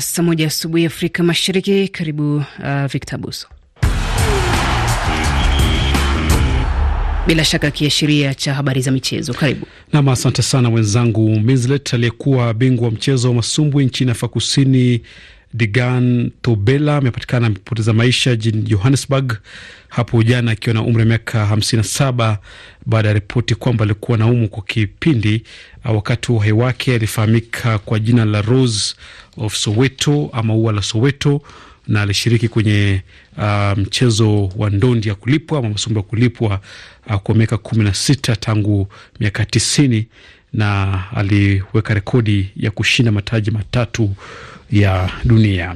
saa moja asubuhi Afrika Mashariki. Karibu uh, Victor Buso. Bila shaka kiashiria cha habari za michezo, karibu nam. Asante sana mwenzangu Mislet. Aliyekuwa bingwa wa mchezo wa masumbwi nchini Afrika Kusini Digan Tobela amepatikana amepoteza maisha jijini Johannesburg hapo jana akiwa na umri wa miaka 57 baada ya ripoti kwamba alikuwa naumu kwa kipindi. Wakati wa uhai wake alifahamika kwa jina la Rose of Soweto ama ua la Soweto na alishiriki kwenye uh, mchezo wa ndondi ya kulipwa ama masumbo ya kulipwa uh, kwa miaka kumi na sita tangu miaka tisini na aliweka rekodi ya kushinda mataji matatu ya dunia.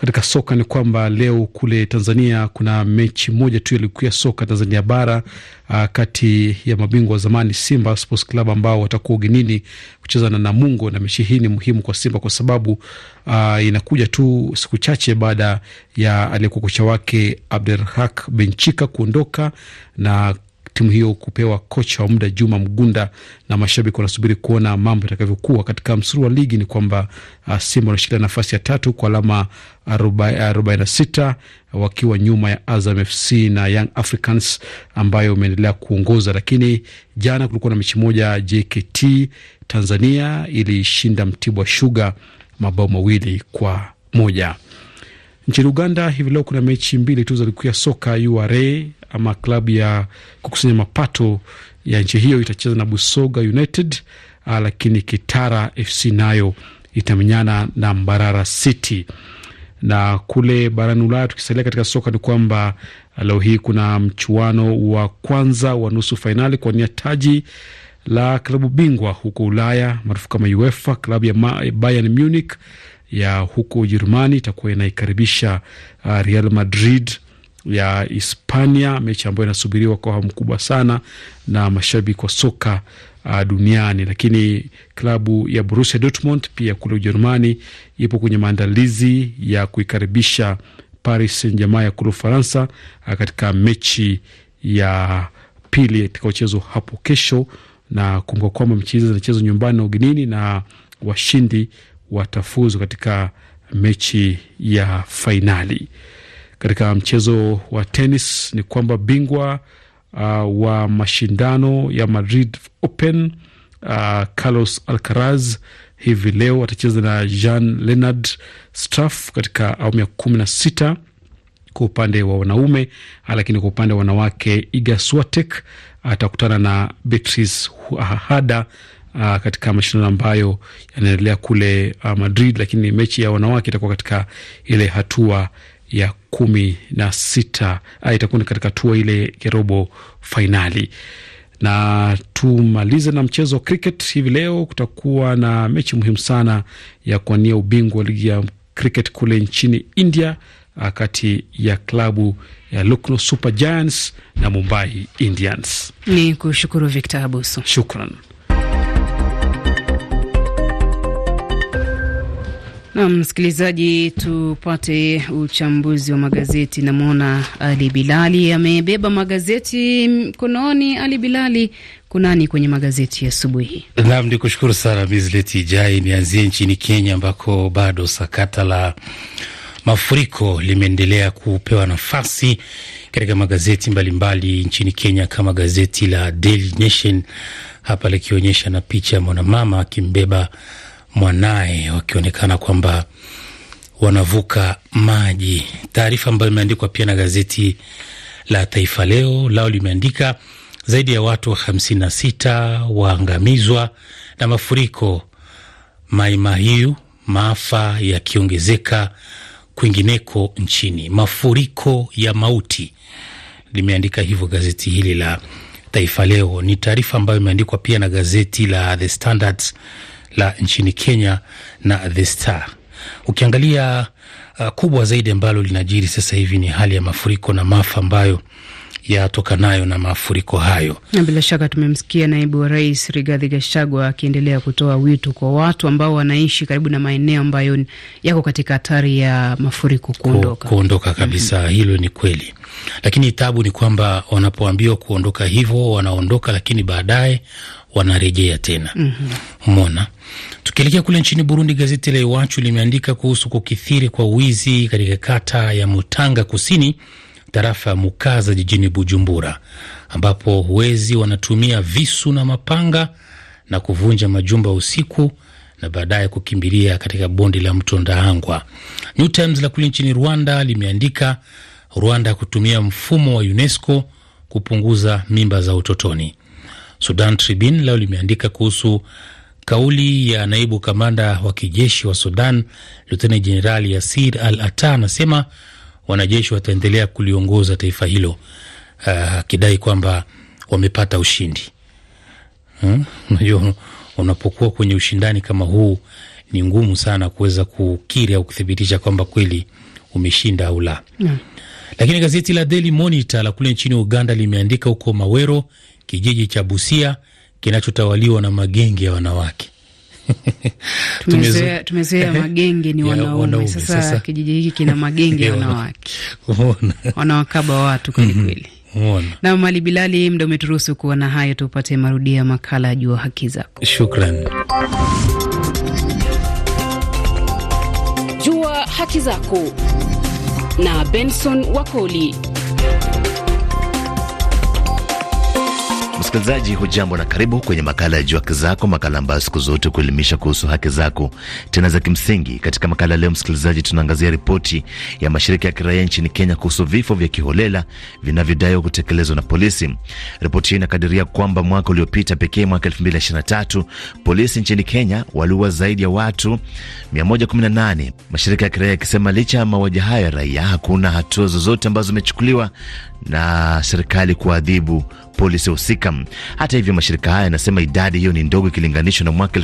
Katika soka ni kwamba leo kule Tanzania kuna mechi moja tu ilikuwa soka Tanzania bara uh, kati ya mabingwa wa zamani Simba Sports Club ambao watakuwa ugenini kucheza na Namungo, na mechi hii ni muhimu kwa Simba kwa sababu uh, inakuja tu siku chache baada ya aliyekuwa kocha wake Abdelhak Benchika kuondoka na timu hiyo kupewa kocha wa muda Juma Mgunda, na mashabiki wanasubiri kuona mambo itakavyokuwa. Katika msuru wa ligi ni kwamba uh, Simba wanashikilia nafasi ya tatu kwa alama 46 wakiwa nyuma ya Azam FC na Young Africans ambayo imeendelea kuongoza, lakini jana kulikuwa na mechi moja, JKT Tanzania ilishinda Mtibwa shuga mabao mawili kwa moja. Nchini Uganda hivi leo kuna mechi mbili tu za ligi kuu ya soka URA ama klabu ya kukusanya mapato ya nchi hiyo itacheza na Busoga United, ah, lakini Kitara FC nayo itamenyana na Mbarara City. Na kule barani Ulaya, tukisalia katika soka, ni kwamba ah, leo hii kuna mchuano wa kwanza wa nusu fainali nia taji la klabu bingwa huko Ulaya maarufu kama UEFA. Klabu ya Bayern Munich ya huko Ujerumani itakuwa inaikaribisha ah, Real Madrid ya Hispania, mechi ambayo inasubiriwa kwa hamu kubwa sana na mashabiki wa soka uh, duniani. Lakini klabu ya Borussia Dortmund pia kule Ujerumani ipo kwenye maandalizi ya kuikaribisha Paris Saint-Germain ya kule Ufaransa uh, katika mechi ya pili katika mchezo hapo kesho, na kumbuka kwamba mechi hizi zinachezwa nyumbani na ugenini na washindi watafuzu katika mechi ya fainali katika mchezo wa tenis ni kwamba bingwa uh, wa mashindano ya Madrid Open uh, Carlos Alcaraz hivi leo atacheza na Jean Leonard Straff katika awamu ya kumi na sita kwa upande wa wanaume, lakini kwa upande wa wanawake Iga Swiatek atakutana na Beatrice Haddad uh, katika mashindano ambayo yanaendelea kule uh, Madrid, lakini mechi ya wanawake itakuwa katika ile hatua ya kumi na sita ah, itakuwa ni katika hatua ile ya robo fainali. Na tumalize na mchezo wa cricket hivi leo, kutakuwa na mechi muhimu sana ya kuwania ubingwa wa ligi ya cricket kule nchini India, ah, kati ya klabu ya Lucknow Super Giants na Mumbai Indians. Ni kushukuru Victor Abuso, shukran. Nam msikilizaji, tupate uchambuzi wa magazeti. Namwona Ali Bilali amebeba magazeti mkononi. Ali Bilali, kunani kwenye magazeti ya asubuhi? Nam ni kushukuru sana Mizleti Ijai. Nianzie nchini Kenya ambako bado sakata la mafuriko limeendelea kupewa nafasi katika magazeti mbalimbali mbali nchini Kenya, kama gazeti la Daily Nation hapa likionyesha na picha ya mwanamama akimbeba mwanaye wakionekana kwamba wanavuka maji. Taarifa ambayo imeandikwa pia na gazeti la Taifa Leo lao limeandika zaidi ya watu 56 waangamizwa na mafuriko Maimahiu, maafa yakiongezeka kwingineko nchini, mafuriko ya mauti, limeandika hivyo gazeti hili la Taifa Leo. Ni taarifa ambayo imeandikwa pia na gazeti la The Standards la nchini Kenya na The Star. Ukiangalia uh, kubwa zaidi ambalo linajiri sasa hivi ni hali ya mafuriko na maafa ambayo yatokanayo na mafuriko hayo. Na bila shaka tumemsikia naibu wa rais Rigathi Gachagua akiendelea kutoa wito kwa watu ambao wanaishi karibu na maeneo ambayo yako katika hatari ya mafuriko kuondoka, kuondoka kabisa. mm -hmm. Hilo ni kweli, lakini tabu ni kwamba wanapoambiwa kuondoka hivyo wanaondoka, lakini baadaye wanarejea tena mona mhm. mm -hmm. Tukielekea kule nchini Burundi, gazeti la Iwachu limeandika kuhusu kukithiri kwa wizi katika kata ya Mutanga Kusini, tarafa ya Mukaza jijini Bujumbura, ambapo wezi wanatumia visu na mapanga na kuvunja majumba usiku na baadaye kukimbilia katika bonde la mto Ndaangwa. New Times la kule nchini Rwanda limeandika Rwanda kutumia mfumo wa UNESCO kupunguza mimba za utotoni. Sudan Tribune leo limeandika kuhusu kauli ya naibu kamanda wa kijeshi wa Sudan, Luteni Jenerali Yasir Al Ata, anasema wanajeshi wataendelea kuliongoza taifa hilo, uh, akidai uh, kwamba wamepata ushindi. Hmm? Unajua hmm? unapokuwa kwenye ushindani kama huu ni ngumu sana kuweza kukiri au kuthibitisha kwamba kweli umeshinda au la. Lakini gazeti la Daily Monitor la kule nchini Uganda limeandika huko Mawero kijiji cha Busia kinachotawaliwa na magenge ya wanawake. Tumezoea magenge ni wanaume, wanaume. Sasa, sasa kijiji hiki kina magenge ya wanawake wanawakaba watu kwelikweli. Mhm. Na Mali Bilali, mda umeturuhusu kuwa na hayo, tupate marudio ya makala ya Jua Haki Zako. Shukran. Jua Haki Zako na Benson Wakoli. Msikilizaji hujambo na karibu kwenye makala ya Jua Haki Zako, makala ambayo siku zote kuelimisha kuhusu haki zako tena za kimsingi. Katika makala leo, msikilizaji, tunaangazia ripoti ya mashirika ya kiraia nchini Kenya kuhusu vifo vya kiholela vinavyodaiwa kutekelezwa na polisi. Ripoti hiyo inakadiria kwamba mwaka uliopita pekee, mwaka 2023 polisi nchini Kenya waliua zaidi ya watu 118, mashirika ya kiraia yakisema licha ya mauaji hayo ya raia hakuna hatua zozote ambazo zimechukuliwa na serikali kuadhibu polisi husika. Hata hivyo, mashirika haya yanasema idadi hiyo ni ndogo ikilinganishwa na mwaka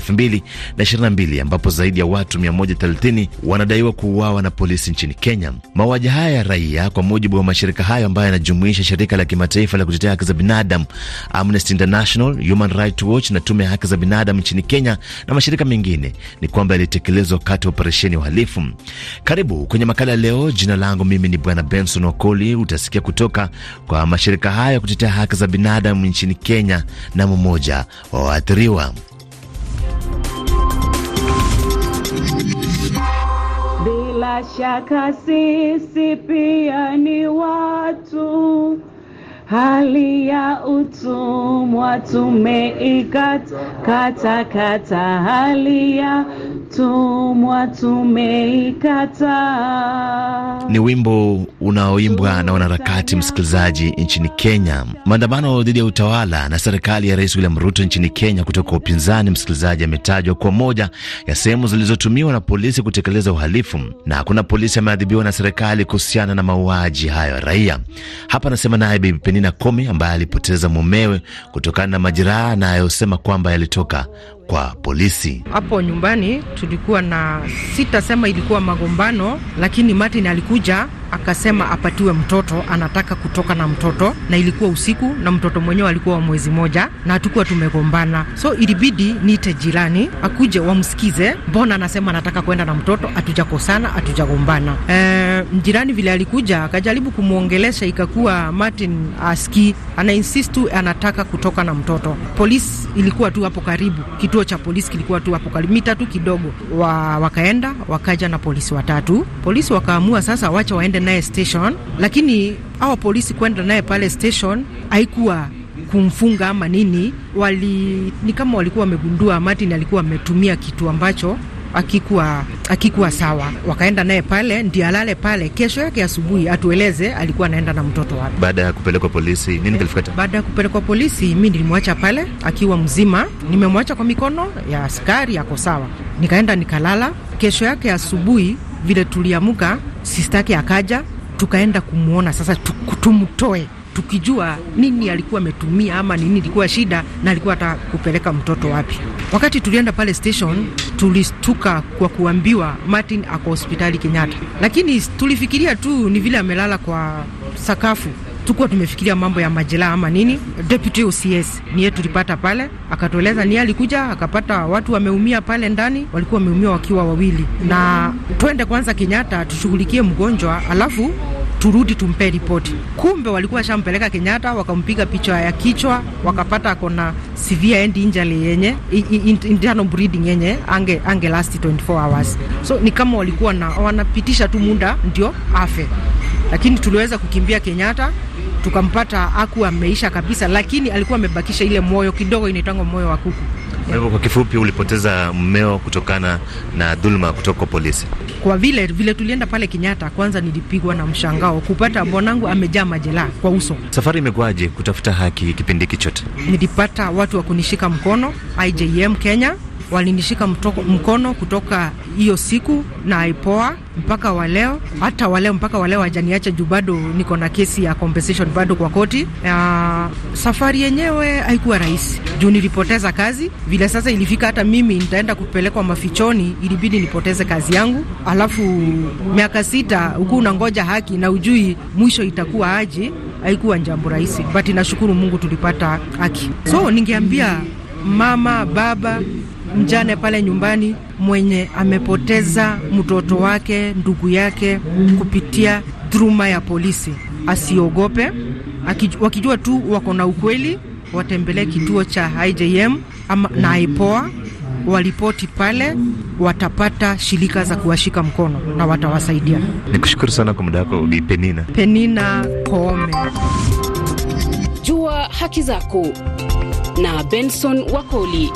mbili ambapo zaidi ya watu 130 wanadaiwa kuuawa na polisi nchini Kenya. Mauaji haya ya raia, kwa mujibu wa mashirika hayo ambayo yanajumuisha shirika la kimataifa la kutetea haki za binadamu Amnesty International, Human Rights Watch na tume ya haki za binadamu nchini Kenya na mashirika mengine, ni kwamba yalitekelezwa wakati wa operesheni uhalifu. Karibu kwenye makala leo. Jina langu mimi ni Bwana Benson Wakoli. Utasikia kutoka kwa mashirika hayo ya kutetea haki za binadamu binadamu nchini Kenya na mmoja wa waathiriwa. Bila shaka sisi pia ni watu, hali ya utumwa kata, hali ya utumwa tumeikata. Ni wimbo unaoimbwa na wanaharakati msikilizaji nchini Kenya. Maandamano dhidi ya utawala na serikali ya Rais William Ruto nchini Kenya kutoka upinzani, msikilizaji, ametajwa kuwa moja ya sehemu zilizotumiwa na polisi kutekeleza uhalifu, na hakuna polisi ameadhibiwa na serikali kuhusiana na mauaji hayo ya raia. Hapa anasema naye Bibi Penina Komi ambaye alipoteza mumewe kutokana na majeraha na kwamba yalitoka kwa polisi. Hapo nyumbani tulikuwa na sitasema ilikuwa magombano, lakini Martin alikuja akasema apatiwe mtoto, anataka kutoka na mtoto, na ilikuwa usiku, na mtoto mwenyewe alikuwa wa mwezi moja, na hatukuwa tumegombana, so ilibidi niite jirani akuje wamsikize, mbona anasema anataka kwenda na mtoto, hatujakosana, hatujagombana. E, jirani vile alikuja akajaribu kumwongelesha, ikakuwa Martin aski ana insist anataka kutoka na mtoto. Polisi ilikuwa tu hapo karibu, kituo cha polisi kilikuwa tu hapo karibu, mita tu kidogo wa, wakaenda wakaja na polisi watatu. Polisi wakaamua sasa, wacha waende naye station, lakini hawa polisi kwenda naye pale station haikuwa kumfunga ama nini, wali ni kama walikuwa wamegundua Martin alikuwa ametumia kitu ambacho akikuwa akikuwa sawa, wakaenda naye pale ndi alale pale. Kesho yake asubuhi atueleze alikuwa anaenda na mtoto wapi. Baada ya kupelekwa polisi nini yeah, kilifuata? Baada ya kupelekwa polisi, mi nilimwacha pale akiwa mzima, nimemwacha kwa mikono ya askari, ako sawa, nikaenda nikalala. Kesho yake asubuhi vile tuliamka sistake akaja, tukaenda kumwona sasa, tumtoe tukijua nini alikuwa ametumia ama nini ilikuwa shida, na alikuwa hata kupeleka mtoto wapi. Wakati tulienda pale station, tulistuka kwa kuambiwa Martin ako hospitali Kenyatta, lakini tulifikiria tu ni vile amelala kwa sakafu tukuwa tumefikiria mambo ya majela ama nini. Deputy OCS ni yeye tulipata pale, akatueleza ni alikuja akapata watu wameumia pale ndani, walikuwa wameumia wakiwa wawili, na twende kwanza Kenyatta tushughulikie mgonjwa alafu turudi tumpe ripoti. Kumbe walikuwa washampeleka Kenyatta, wakampiga picha ya kichwa, wakapata akona severe end injury yenye internal bleeding yenye ange, ange last 24 hours. So ni kama walikuwa na wanapitisha tu muda ndio afe lakini tuliweza kukimbia Kenyatta tukampata, aku ameisha kabisa, lakini alikuwa amebakisha ile moyo kidogo, inaitangwa moyo wa kuku. Kwa hivyo kwa kifupi, ulipoteza mmeo kutokana na dhuluma kutoka polisi. Kwa vile vile tulienda pale Kenyatta, kwanza nilipigwa na mshangao kupata bwanangu amejaa majeraha kwa uso. Safari imekuwaje kutafuta haki kipindi chote? Nilipata watu wa kunishika mkono, IJM Kenya walinishika mtoko, mkono kutoka hiyo siku na ipoa mpaka waleo, hata waleo mpaka waleo hajaniacha juu bado niko na kesi ya compensation bado kwa koti. Uh, safari yenyewe haikuwa rahisi juu nilipoteza kazi vile. Sasa ilifika hata mimi nitaenda kupelekwa mafichoni, ilibidi nipoteze kazi yangu, alafu miaka sita huku unangoja haki na ujui mwisho itakuwa aje. Haikuwa jambo rahisi, but nashukuru Mungu tulipata haki. So ningeambia mama, baba mjane pale nyumbani mwenye amepoteza mtoto wake, ndugu yake kupitia dhuruma ya polisi. Asiogope, wakijua tu wako na ukweli, watembelee kituo cha IJM ama na IPOA walipoti pale, watapata shirika za kuwashika mkono na watawasaidia. Nikushukuru sana kwa muda wako Bi Penina. Penina Koome. Jua haki zako na Benson Wakoli.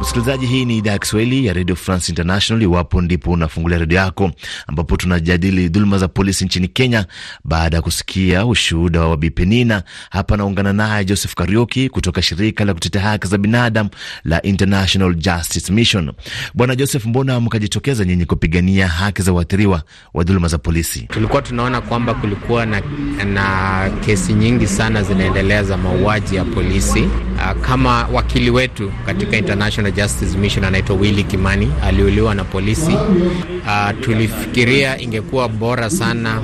Msikilizaji, hii ni idhaa ya Kiswahili ya Radio France International. Iwapo ndipo unafungulia redio yako, ambapo tunajadili dhuluma za polisi nchini Kenya baada ya kusikia ushuhuda wa Bi Hapa naungana naye Joseph Karioki kutoka shirika la kutetea haki za binadamu la International Justice Mission. Bwana Joseph, mbona mkajitokeza nyinyi kupigania haki za uathiriwa wa dhuluma za polisi? Tulikuwa tunaona kwamba kulikuwa na, na kesi nyingi sana zinaendelea za mauaji ya polisi uh, kama wakili wetu katika International Justice Mission anaitwa Willy Kimani, aliuliwa na polisi. Uh, tulifikiria ingekuwa bora sana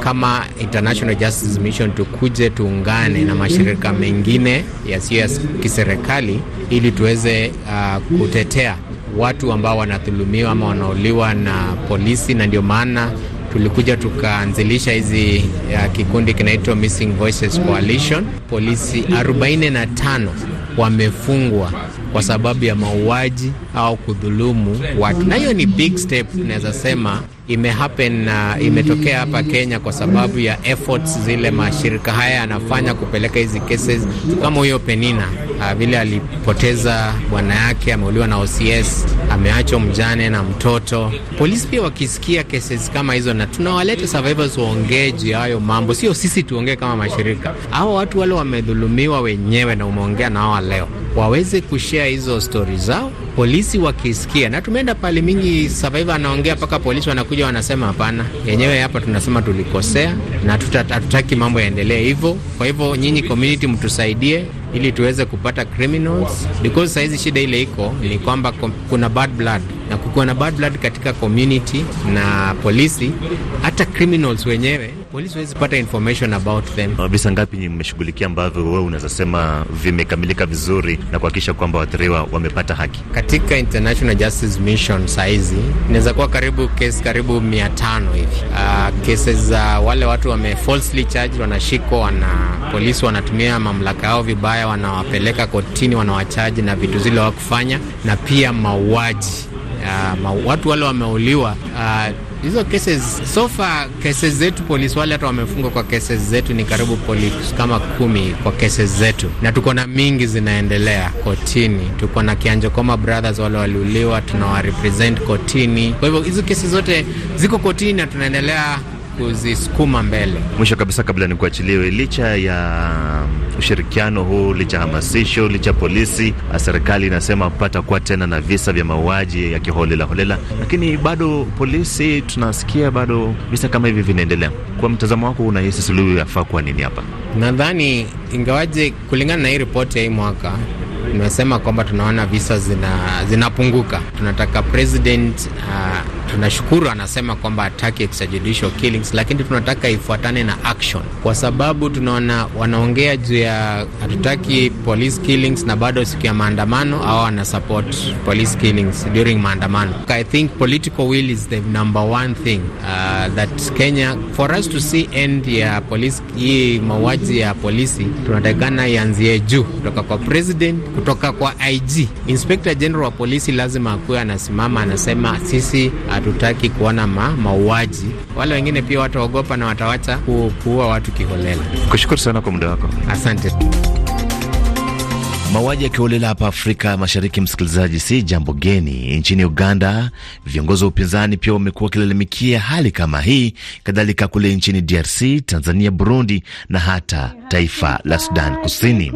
kama International Justice Mission tukuje tuungane na mashirika mengine yasiyo ya kiserikali ili tuweze uh, kutetea watu ambao wanadhulumiwa ama wanauliwa na polisi, na ndio maana tulikuja tukaanzilisha hizi kikundi kinaitwa Missing Voices Coalition. Polisi 45 wamefungwa kwa sababu ya mauaji au kudhulumu watu, na hiyo ni big step, naweza sema ime happen na imetokea hapa Kenya kwa sababu ya efforts zile mashirika haya yanafanya kupeleka hizi cases, kama huyo Penina uh, vile alipoteza bwana yake, ameuliwa na OCS, ameachwa mjane na mtoto. Polisi pia wakisikia cases kama hizo, na tunawaleta survivors waongee juu hayo mambo, sio sisi tuongee kama mashirika. Hao watu wale wamedhulumiwa wenyewe, na umeongea na wao leo, waweze kushare kutuletea hizo stori zao, polisi wakisikia, na tumeenda pale mingi. Survivor anaongea mpaka polisi wanakuja wanasema, hapana, yenyewe hapa tunasema tulikosea na hatutaki mambo yaendelee hivyo. Kwa hivyo nyinyi community mtusaidie ili tuweze kupata criminals because saizi shida ile iko ni kwamba kuna bad blood na kukuwa na bad blood katika community na polisi, hata criminals wenyewe, polisi hawezi pata information about them. Visa ngapi mmeshughulikia ambavyo wewe unaweza sema vimekamilika vizuri na kuhakikisha kwamba waathiriwa wamepata haki? Katika International Justice Mission saizi inaweza kuwa karibu kesi karibu 500 hivi, uh, cases za wale watu wame falsely charged, wanashikwa, wana polisi wanatumia mamlaka yao vibaya, wanawapeleka kotini, wanawachaji na vitu zile wakufanya na pia mauaji uh, watu wale wameuliwa uh, hizo cases so far, cases zetu polisi wale hata wamefungwa kwa cases zetu ni karibu polisi kama kumi kwa cases zetu, na tuko na mingi zinaendelea kotini. Tuko na Kianjo Koma brothers wale waliuliwa, tunawarepresent kotini. Kwa hivyo hizo kesi zote ziko kotini na tunaendelea kuzisukuma mbele. Mwisho kabisa, kabla ni kuachiliwe, licha ya ushirikiano huu, licha hamasisho, licha polisi, ah, serikali inasema patakuwa tena na visa vya mauaji ya kiholela holela, lakini bado polisi tunasikia bado visa kama hivi vinaendelea. Kwa mtazamo wako, unahisi suluhu yafaa kuwa nini hapa? Nadhani ingawaje, kulingana na hii ripoti ya hii mwaka imesema kwamba tunaona visa zinapunguka, zina tunataka president uh, Tunashukuru anasema kwamba hataki extrajudicial killings, lakini tunataka ifuatane na action, kwa sababu tunaona wanaongea juu ya hatutaki police killings na bado siku ya maandamano au wana support police killings during maandamano. I think political will is the number one thing uh, that Kenya for us to see end ya police hii mauaji ya polisi, tunatakikana ianzie juu kutoka kwa president, kutoka kwa IG. Inspector General wa polisi lazima akuwe anasimama anasema sisi uh, hatutaki kuona ma, mauaji. Wale wengine pia wataogopa na watawacha ku, kuua watu kiholela. Kushukuru sana kwa muda wako, asante. Mauaji ya kiholela hapa Afrika Mashariki, msikilizaji, si jambo geni. Nchini Uganda, viongozi wa upinzani pia wamekuwa wakilalamikia hali kama hii, kadhalika kule nchini DRC, Tanzania, Burundi na hata taifa la Sudan Kusini.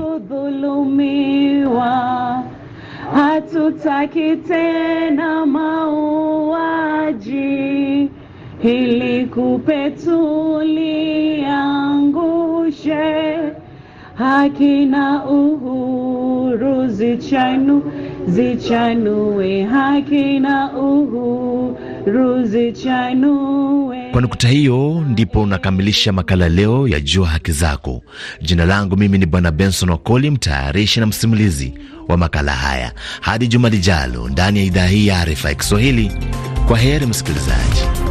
Hatutaki tena mauaji maji ili kupetuliangushe haki na uhuru zichanu zichanue haki na uhuru zichanue. Kwa nukta hiyo ndipo unakamilisha makala leo ya Jua Haki Zako. Jina langu mimi ni Bwana Benson Wakoli, mtayarishi na msimulizi wa makala haya. Hadi juma lijalo ndani ya idhaa hii ya RFI Kiswahili. Kwa heri msikilizaji.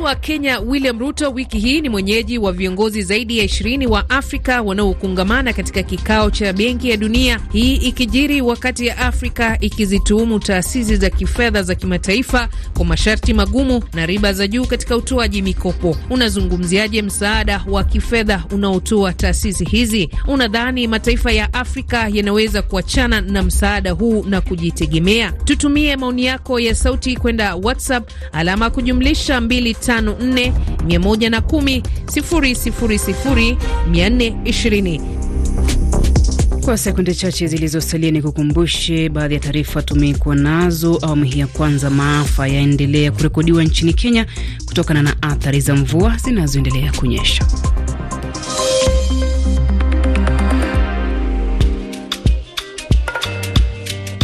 wa Kenya William Ruto wiki hii ni mwenyeji wa viongozi zaidi ya ishirini wa Afrika wanaokungamana katika kikao cha Benki ya Dunia, hii ikijiri wakati ya Afrika ikizituhumu taasisi za kifedha za kimataifa kwa masharti magumu na riba za juu katika utoaji mikopo. Unazungumziaje msaada wa kifedha unaotoa taasisi hizi? Unadhani mataifa ya Afrika yanaweza kuachana na msaada huu na kujitegemea? Tutumie maoni yako ya sauti kwenda WhatsApp alama kujumlisha mbili 420. Kwa sekunde chache zilizosalia, ni kukumbushe baadhi ya taarifa tumekuwa nazo awamu hii ya kwanza. Maafa yaendelea kurekodiwa nchini Kenya kutokana na athari za mvua zinazoendelea kunyesha.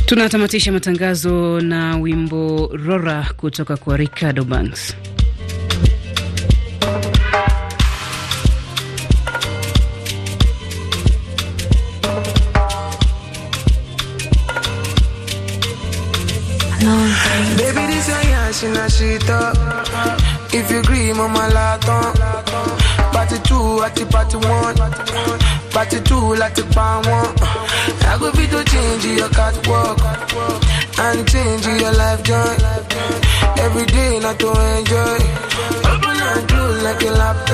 Tunatamatisha matangazo na wimbo Rora kutoka kwa Ricardo Banks. she na shit up. If you agree, mama lot on. Party two, at the party one. Party two, like the pan one. I go be to change your catwalk and change your life joy. Every day, not to enjoy. Open and close like a laptop.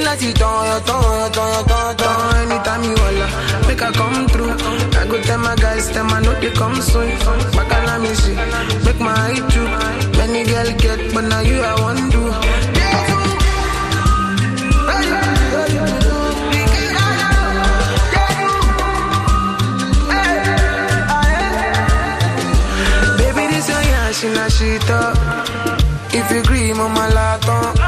me not Anytime you holla, make I come through. I go tell my guys, tell my know they come soon. Back on me see, make my eye too. Many girl get, but now you I want to. Baby, this your she If you agree, mama, la talk.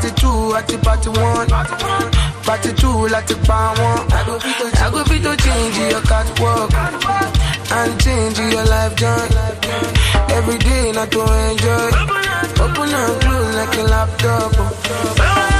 Party two, at party one. Party two, at the power one. I go fit to change your catwalk and change your life journey. Every day, not to enjoy. Open and close like a laptop. Oh.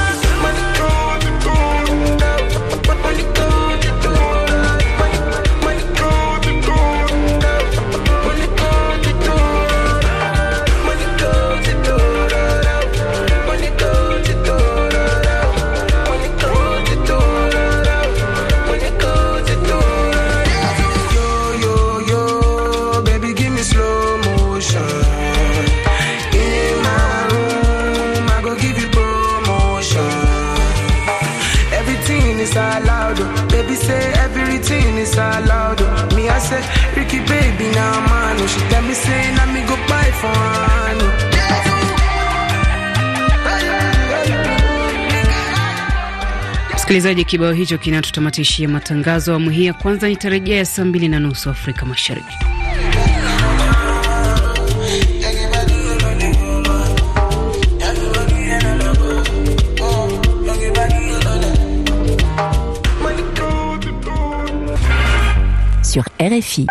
say, Ricky baby, now nah, man. Oh, she tell me say, now me go buy for her. Msikilizaji, kibao hicho kinatutamatishia matangazo awamu hii ya kwanza. Nitarejea saa mbili na nusu Afrika Mashariki. sur RFI.